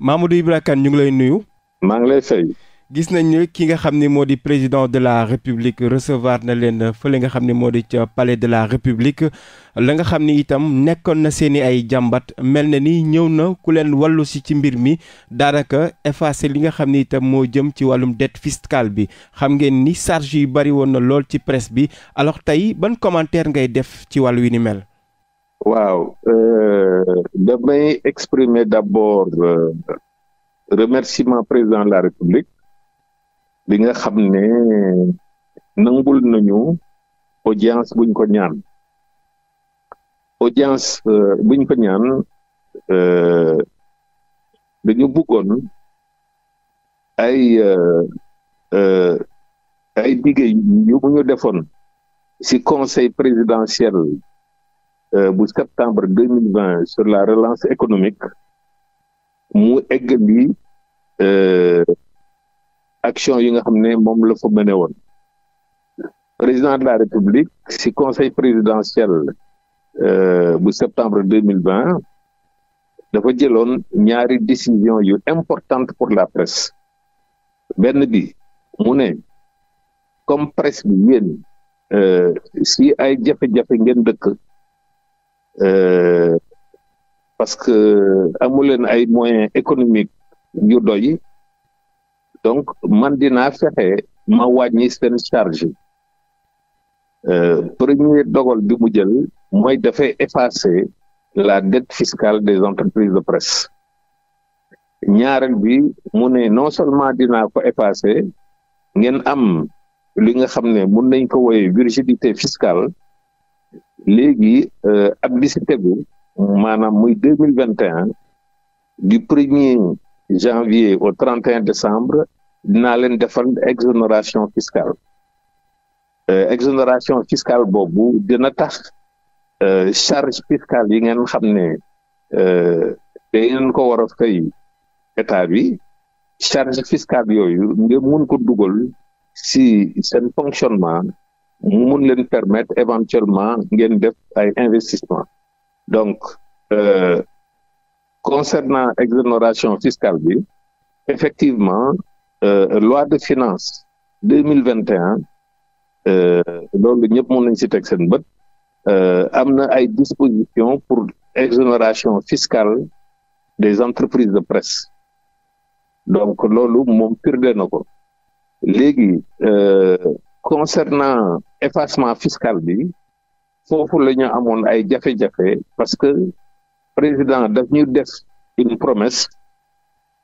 Mamadou Ibra Kane ñu ngi lay nuyu. maa ngi lay fay. gis nañ ne ki nga xam ni moo di président de la république recevoir na leen fële nga xam ne moo di ca palais de la république la nga xam ni itam nekkoon na seeni ay jàmbat mel na ni ñëw na ku leen wàllu si ci mbir mi daanaka effacé li nga xam ni itam moo jëm ci wàllum dette fiscale bi xam ngeen ni charge yu bari woon na lool ci presse bi alors tey ban commentaire ngay def ci wàllu wi ni mel. waaw euh, damay exprimer d'abord euh, remerciement président de la République bi nga xam ne nangul nañu audience buñ ko ñaan audience euh, buñ ko ñaan dañu bëggoon ay ay digge ay mu ñu defoon si conseil présidentiel Euh, bu septembre deux mille vingt sur la relance économique mu eggali euh, action yi nga xam ne moom la fa mëne woon président de la république si conseil présidentiel euh, bu septembre deux mille vingt dafa jëloon ñaari décision yu importante pour la presse benn bi mu ne comme presse bi yéen si ay jafe-jafe ngeen dëkk Euh, parce que amu leen ay moyens économique yu doy donc man dinaa fexe ma wàññi seen charge euh, premier dogal bi jël mooy dafay effacer la dette fiscale des entreprises de presse ñaareel bi mu ne non seulement dinaa ko effacer ngeen am li nga xam ne mun nañ ko woyee virginité fiscale léegi euh, at bi si tegu maanaam muy deux mille vingt et un du premier janvier au trente et un décembre dinaa leen defal exonération fiscale euh, exonération fiscale boobu dina tax euh, charge fiscale yi ngeen xam ne te ngeen ko war a fay bi charge fiscale yooyu ngeen mun ko dugal si seen fonctionnement mun leen permettre éventuellement ngeen def ay investissement donc euh, concernant exonération fiscale bi effectivement euh, loi de finances deux mille vingt et un euh, loolu ñëpp mun nañ si teg seen bët euh, am na ay dispositions pour exonération fiscale des entreprises de presse donc loolu moom firnde na ko léegi euh, concernant effacement fiscal bi foofu lañu amoon ay jafe-jafe parce que président daf ñu def une promesse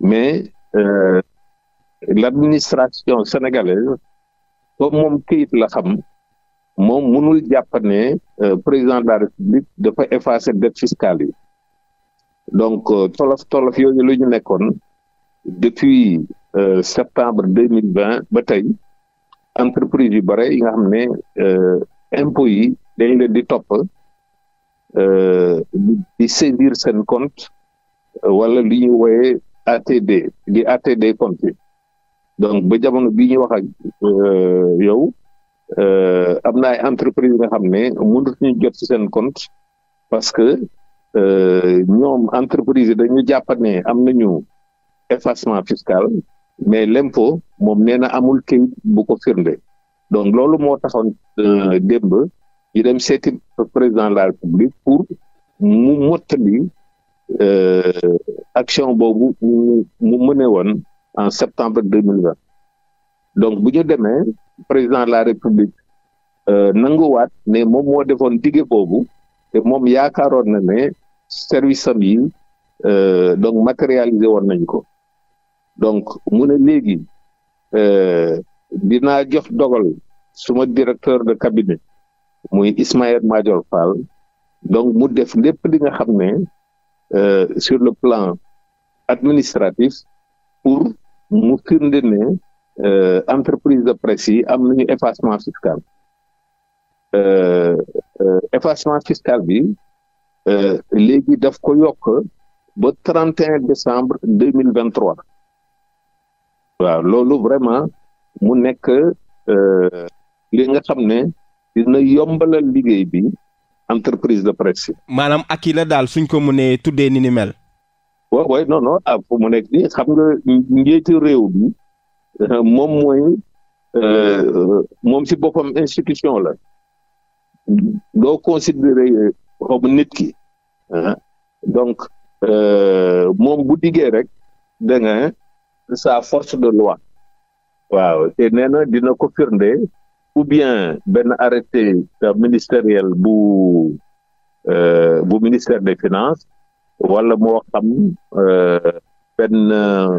mais euh, l'administration sénégalaise comme moom këyit la xam moom mënul jàpp euh, président de la république dafa effacer dette fiscale yi donc euh, tolof tolof yooyu la ñu nekkoon depuis euh, septembre deux ba tey entreprise yu bare yi nga xam ne euh, impôts yi dañ leen di topp euh, di saisir seen compte wala li ñuy wooyee ATD di ATD compte donc ba jamono bii ñu wax ak euh, yow am na ay entreprise yi nga xam ne mënatuñu jot ci seen compte parce que ñoom entreprise yi dañu jàpp ne am nañu effacement fiscal mais lempo moom nee na amul kayit bu ko firnde donc loolu moo taxoon euh, démb ñu dem seeti président de la république pour mu mottali euh, action boobu mu mëne woon en septembre deux mille vingt donc bu ñu demee président de la république euh, nanguwaat ne moom moo defoon dige boobu te moom yaakaaroon na ne service am yi donc matérialisé woon nañ ko donc mu ne léegi euh, dinaa jox dogal suma directeur de cabinet muy Ismaël Madior Fall donc mu def lépp li nga xam ne euh, sur le plan administratif pour mu firnde ne euh, entreprise de presse yi am nañu effacement fiscal euh, euh effacement fiscal bi léegi daf ko yokk ba 31 décembre 2023 waaw loolu vraiment mu nekk euh, li nga xam ne dina yombalal liggéey bi entreprise de presse yi. maanaam ak yi la daal suñ ko mënee tuddee ni ni mel. waaw waaw non non ah fu mu nekk nii xam nga njiitu réew bi euh, moom mooy euh, moom si boppam institution la doo considérer comme nit ki ah. donc moom bu diggee rek da sa force de loi waaw te nee na dina ko firnde ou bien benn arrêté ministériel bu euh, bu ministère de finances wala moo xam euh, benn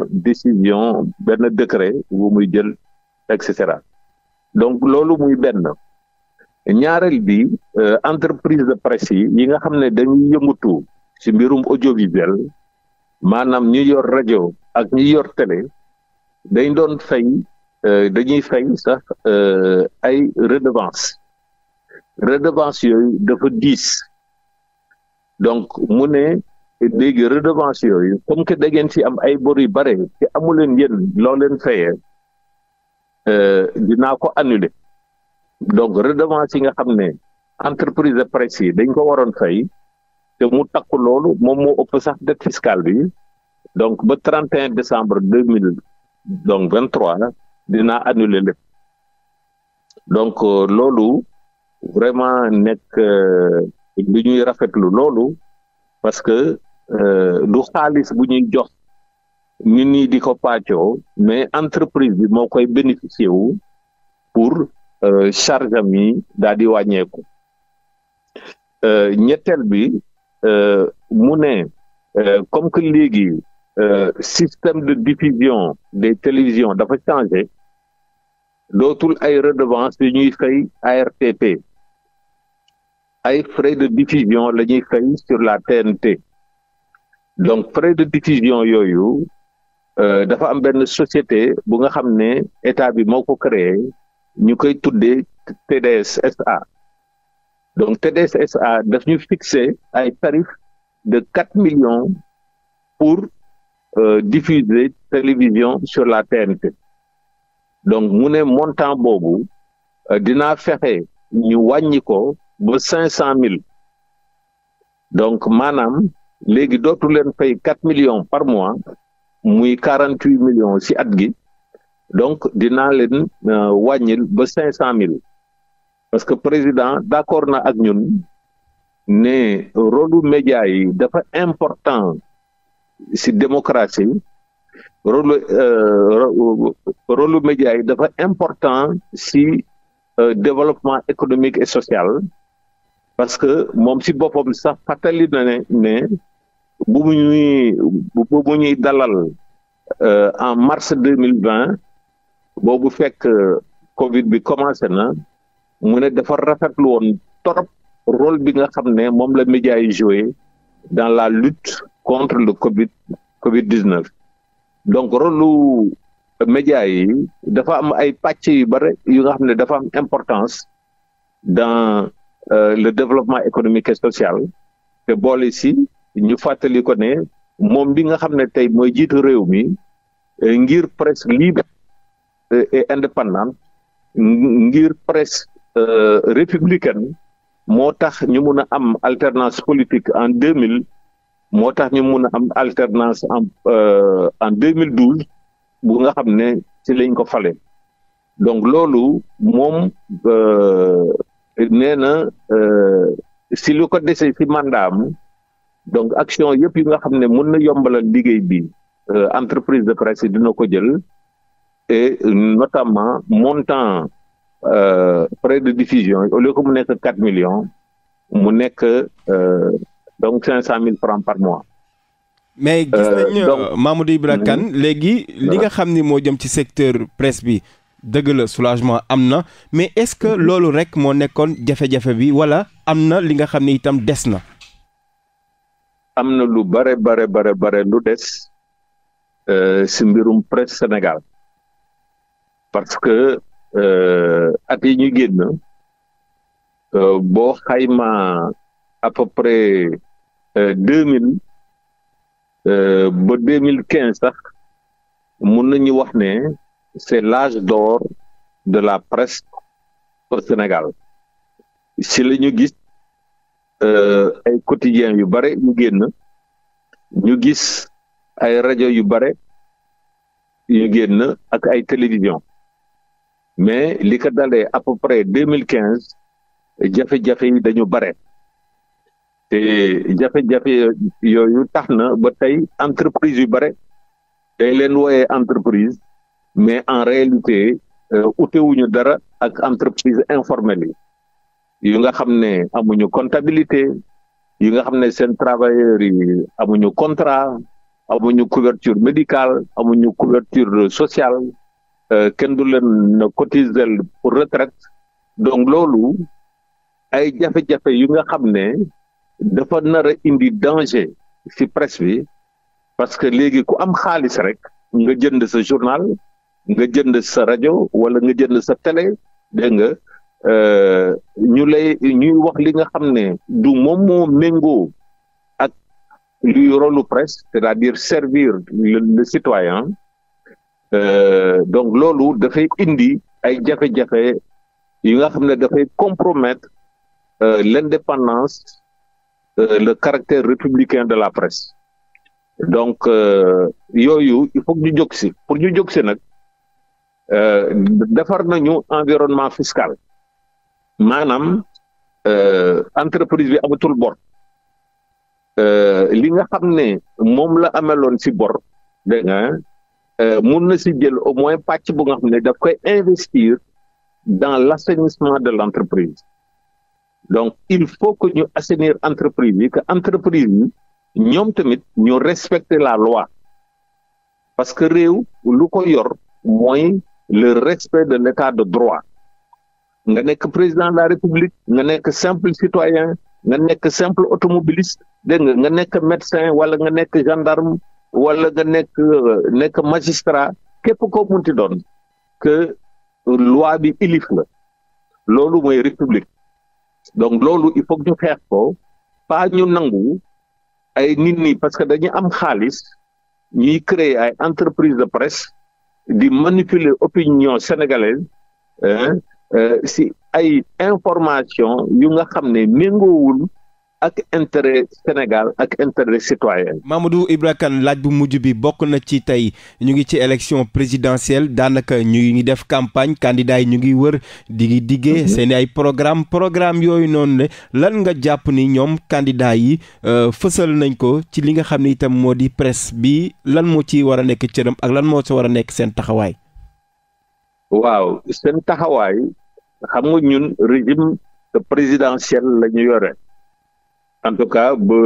décision benn décret bu muy jël et cetera donc loolu muy benn ñaareel bi euh, entreprise de presse yi nga xam ne dañuy yëngatu si mbirum audiovisuel maanaam ñu yor rajo ak ñi yor télé dañ doon fay euh, dañuy fay sax euh, ay redevance redevance yooyu dafa diis donc mu ne léegi redevance yooyu comme que da ngeen ci am ay bori yu bare te amuleen yéen loo leen fayee euh, dinaa ko annuler donc redevance yi nga xam ne entreprise de presse yi dañ ko waroon fay te mu takku loolu moom moo ëpp sax dette fiscale bi donc ba 31 décembre 2000 donc 23 dinaa annuler lépp donc euh, loolu vraiment nekk euh, lu ñuy rafetlu loolu parce que euh, du xaalis bu ñuy jox ñu nii di ko pàccoo mais entreprise bi moo koy bénéficier wu pour charge am daal di wàññeeku ñetteel bi mu ne comme que léegi euh, système de diffusion des télévisions dafa changé dootul ay redevance yu ñuy fay ARTP ay frais de diffusion la ñuy fay sur la TNT donc frais de diffusion yooyu euh, dafa am benn société bu nga xam ne état bi moo ko créer ñu koy tuddee TDS SA donc TDS SA daf ñu fixé ay tarif de quatre millions pour euh, diffusé télévision sur la TNT donc mu ne montant boobu euh, dinaa fexe ñu wàññi ko ba cinq cent mille donc maanaam léegi dootu leen fay quatre millions par mois muy quarante huit millions ci at gi donc dinaa leen euh, wàññil ba cinq cent mille parce que président d'accord na ak ñun ne rôlu média yi dafa important si démocratie rôle euh, rôle média yi dafa important si euh, développement économique et social parce que moom si boppam sa fàttali na ne ne bu mu ñuy bu mu ñuy dalal euh, en mars deux mille vingt boobu fekk Covid bi commencé na mu ne dafa rafetlu woon torop rôle bi nga xam ne moom la média yi joué dans la lutte contre le Covid Covid 19 donc rôle média yi dafa am ay pàcc yu bare yu nga xam ne dafa am importance dans euh, le développement économique et social te boole si ñu fàttali ko ne moom bi nga xam ne tey mooy jiitu réew mi euh, ngir presse libre euh, et indépendante ngir presse euh, républicaine moo tax ñu mun a am alternance politique en deux mille moo tax ñu mun a am alternance en euh, en 2012 bu nga xam ne ci lañ ko fale donc loolu moom euh, nee na euh, si lu ko dese ci mandaam donc action yëpp yi nga xam ne mun na yombalal liggéey bi euh, entreprise de presse yi dina ko jël et notamment montant frais de diffusion au lieu mu nekk 4 millions mu nekk. donc cinq cent mille francs par mais gis euh, nañu euh, Mamadou Ibra mhm. Kane léegi li nga xam ni moo jëm ci secteur presse bi dëgg la soulagement am na mais est-ce que mhm. loolu rek moo nekkoon jafe-jafe bi wala am na li nga xam ni itam des na. am na lu bare bare bare bare lu des ci euh, mbirum presse Sénégal parce que at yi ñu génn boo xayma à peu deux mille euh, ba deux mille quinze sax mun nañu wax ne c'est lage d'or de la presse au Sénégal si la ñu gis euh, ay quotidiens yu bare yu génn ñu gis ay rajo yu bare yu génn ak ay télévision mais li ko dalee à peu deux mille quinze jafe-jafe yi dañu bare te jafe-jafe yooyu tax na ba tey entreprise yu bare day leen wooyee entreprise mais en réalité euh, utewuñu dara ak entreprise informelle yi yu nga xam ne amuñu comptabilité yi nga xam ne seen travailleurs yi amuñu contrat amuñu couverture médicale amuñu couverture sociale euh, kenn du leen cotiser pour retraite donc loolu ay jafe-jafe yu nga xam ne dafa nar a indi danger ci presse bi parce que léegi ku am xaalis rek nga jënd sa journal nga jënd sa rajo wala nga jënd sa télé dégg nga euh, ñu lay ñuy wax li nga xam ne du moom moo méngoo ak luy rôlu presse c'est-à-dire servir le, le citoyen euh, donc loolu dafay indi ay jafe-jafe yi nga xam ne dafay compromettre euh, l'indépendance Euh, le caractère républicain de la presse donc euh, yooyu il faut que ñu jóg si pour ñu jóg si nag euh, defar nañu environnement fiscal maanaam entreprise bi amatul bor li nga xam ne moom la ameloon si bor dégg nga mun na si jël au moins pàcc bu nga xam ne daf koy investir dans l'assainissement de l'entreprise donc il faut que ñu assenir entreprise yi que entreprise yi ñoom tamit ñu respecter la loi parce que réew lu ko yor mooy le respect de l'état de droit nga nekk président la république nga nekk simple citoyen nga nekk simple automobiliste dégg nga nga nekk médecin wala nga nekk gendarme wala nga nekk euh, nekk magistrat képp koo munti doon que loi bi ilif la loolu mooy republique donc loolu il foog ñu xeex ko pas ñu nangu ay nit ñi parce que dañu am xaalis ñuy créer ay entreprise de presse di manipuler opinion sénégalaise euh, si ay information yu nga xam ne méngoowul ak intérêt Sénégal ak intérêt citoyen Mamadou laaj bu mujj bi bokk na ci tey ñu ngi ci élection présidentielle daanaka ñu ngi def campagne candidat yi ñu ngi wër di diggee mhm. seen ay programme programme yooyu noonu ne lan nga jàpp ni ñoom candidat yi euh, fësal nañ ko ci li nga xam ni itam moo di presse bi lan moo ci war a nekk cëram ak lan moo ci war a nekk seen taxawaay waaw seen taxawaay xam nga ñun régime présidentiel la ñu yore en tout cas ba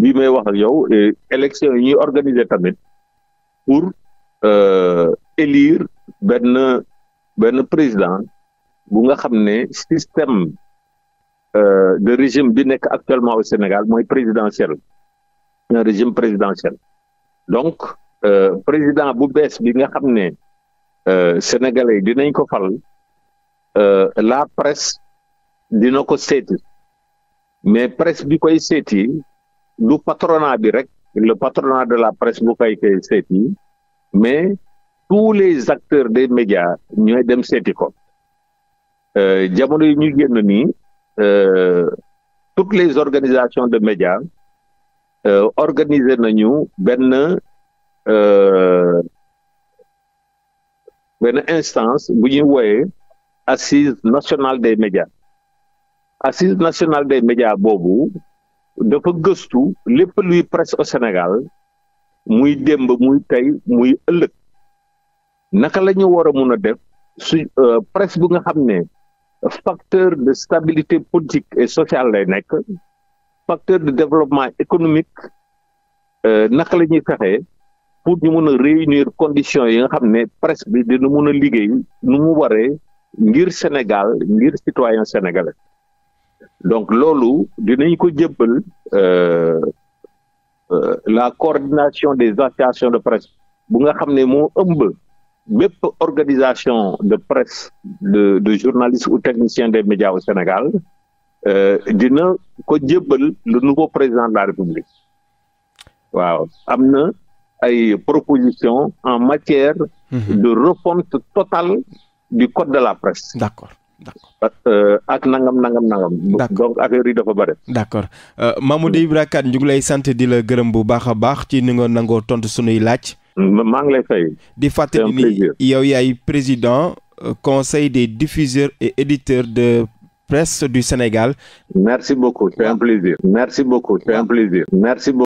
bii may wax ak yow élection yi ñuy organiser tamit pour euh, élire ben benn président bu nga xam ne système euh, de régime bi nekk actuellement au Sénégal mooy présidentiel un régime présidentiel donc euh, président bu bees bi nga xam ne sénégalais dinañ ko fal la presse dina ko seeti mais presse bi koy seeti du patronat bi rek le patronat de la presse bu koy koy seeti mais tous les acteurs des médias ñooy dem seeti ko euh, jamono yi ñu génn nii euh, toutes les organisations de médias euh, organiser nañu benn euh, benn instance bu ñuy wooyee assise nationale des médias assise nationale des médias boobu dafa gëstu lépp luy presse au Sénégal muy démb muy tey muy ëllëg naka la ñu war a mun a def su euh, presse bu nga xam ne facteur de stabilité politique et sociale lay nekk facteur de développement économique euh, naka la ñuy fexee pour ñu mën a réunir conditions yi nga xam ne presse bi dina mun a liggéey nu mu waree ngir Sénégal ngir citoyen sénégalais donc loolu dinañ ko jébbal euh, euh, la coordination des associations de presse bu nga xam ne moo ëmb bépp organisation de presse de de journalistes ou techniciens des médias au Sénégal euh, dina ko jébbal le nouveau président de la République waaw am na ay propositions en matière. Mhm. de refonte totale du code de la presse. d'accord. parce que euh, ak nangam nangam nangam. donc affaire yi dafa bëri. d' accord euh, Mamadou Ibra Kane ñu ngi lay sant di la gërëm bu baax a baax ci ni nga nangoo tontu sunuy laaj. maa ngi lay fay. di fàttali ni yow yaay président euh, conseil des diffuseurs et éditeurs de. presse du Sénégal. Merci beaucoup, c'est un plaisir. beaucoup.